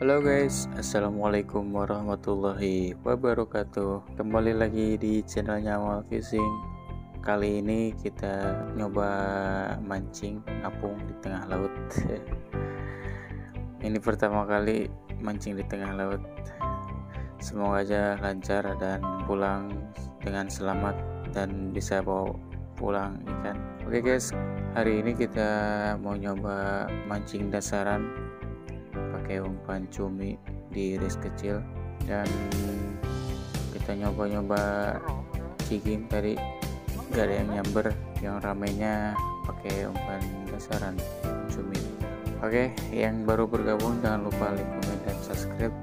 Halo guys, Assalamualaikum warahmatullahi wabarakatuh Kembali lagi di channel Amal Fishing Kali ini kita nyoba mancing apung di tengah laut Ini pertama kali mancing di tengah laut Semoga aja lancar dan pulang dengan selamat dan bisa bawa pulang ikan ya oke okay guys hari ini kita mau nyoba mancing dasaran pakai umpan cumi di iris kecil dan kita nyoba-nyoba cigim tadi gak ada yang nyamber yang ramenya pakai umpan dasaran cumi oke okay, yang baru bergabung jangan lupa like, comment, dan subscribe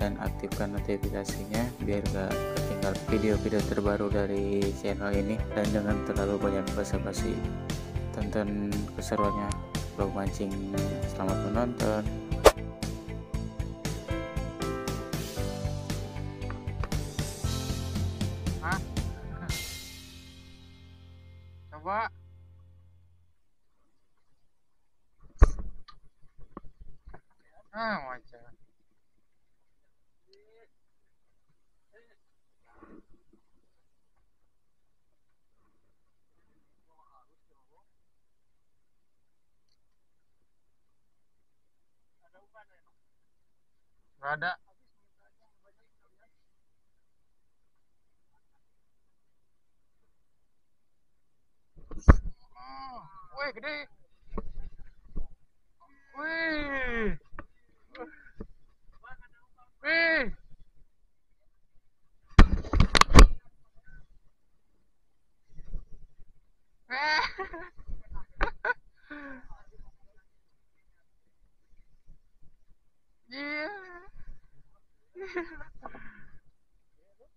dan aktifkan notifikasinya biar gak ketinggal video-video terbaru dari channel ini dan jangan terlalu banyak basa-basi tonton keseruannya vlog mancing selamat menonton ah coba ah macam Ada. Hmm, wih gede. Wih. Wih.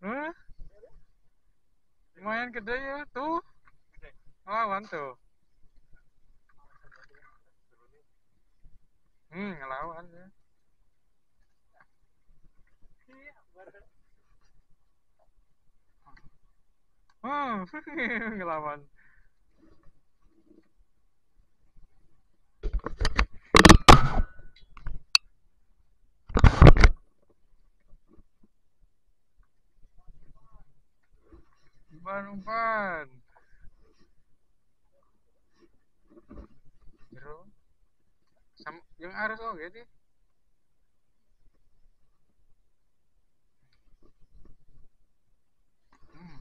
hmm? lumayan gede ya tuh ngelawan tuh hmm ngelawan ya hmm ngelawan umpan umpan bro sam yang arus oke sih hmm.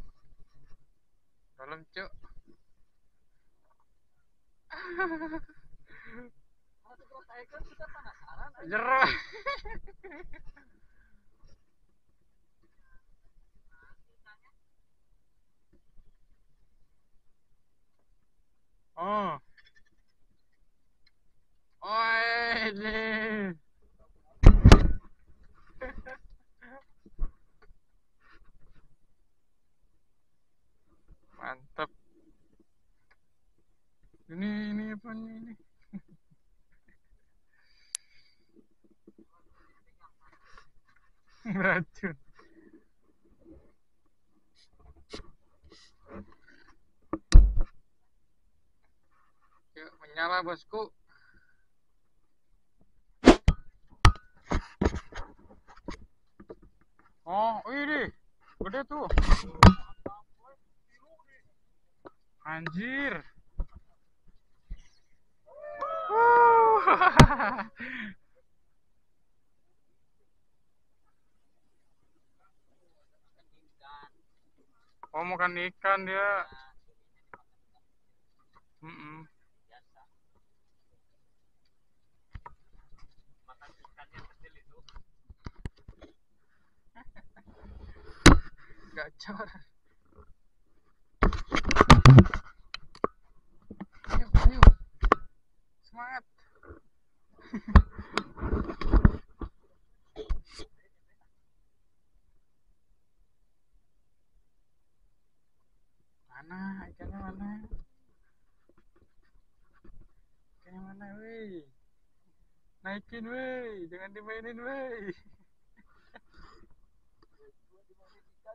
tolong cok jero ini mantap ini ini apa ini racun yuk menyala bosku Oh, oh ini iya gede tuh. Anjir. oh, makan ikan dia. gacor ayo ayo semangat mana ikannya mana ikannya mana weh naikin weh jangan dimainin weh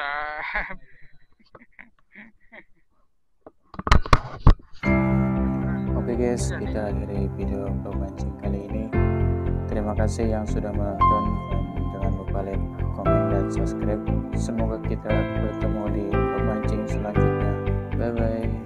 mantap Oke okay guys, kita akhiri video untuk kali ini. Terima kasih yang sudah menonton dan jangan lupa like, comment, dan subscribe. Semoga kita bertemu di pemancing selanjutnya. Bye-bye.